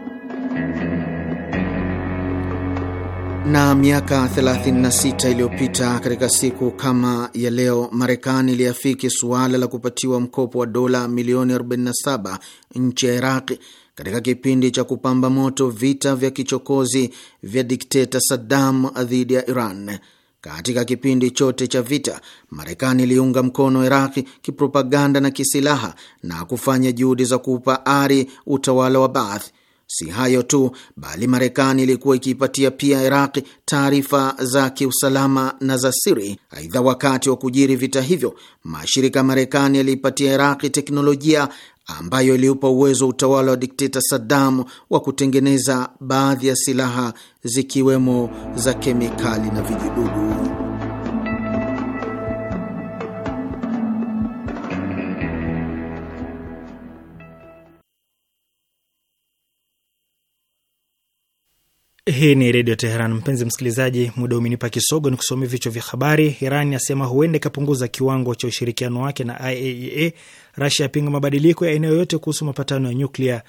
na miaka 36 iliyopita katika siku kama ya leo, Marekani iliafiki suala la kupatiwa mkopo wa dola milioni 47 nchi ya Iraqi katika kipindi cha kupamba moto vita vya kichokozi vya dikteta Saddam dhidi ya Iran. Katika kipindi chote cha vita, Marekani iliunga mkono Iraqi kipropaganda na kisilaha na kufanya juhudi za kuupa ari utawala wa Baath. Si hayo tu, bali Marekani ilikuwa ikiipatia pia Iraqi taarifa za kiusalama na za siri. Aidha, wakati wa kujiri vita hivyo, mashirika ya Marekani yaliipatia Iraqi teknolojia ambayo iliupa uwezo wa utawala wa dikteta Saddam wa kutengeneza baadhi ya silaha zikiwemo za kemikali na vijidudu. Hii ni Redio Teheran. Mpenzi msikilizaji, muda umenipa kisogo, ni kusomea vichwa vya habari. Iran yasema huenda ikapunguza kiwango cha ushirikiano wake na IAEA. Rasia yapinga mabadiliko ya eneo yote kuhusu mapatano ya nyuklia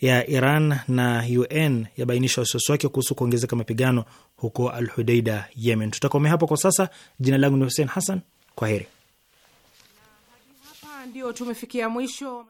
ya Iran, na UN yabainisha wasiwasi wake kuhusu kuongezeka mapigano huko Al Hudaida, Yemen. Tutakomea hapo kwa sasa. Jina langu ni Hussein Hassan, kwa heri. Ndio tumefikia mwisho.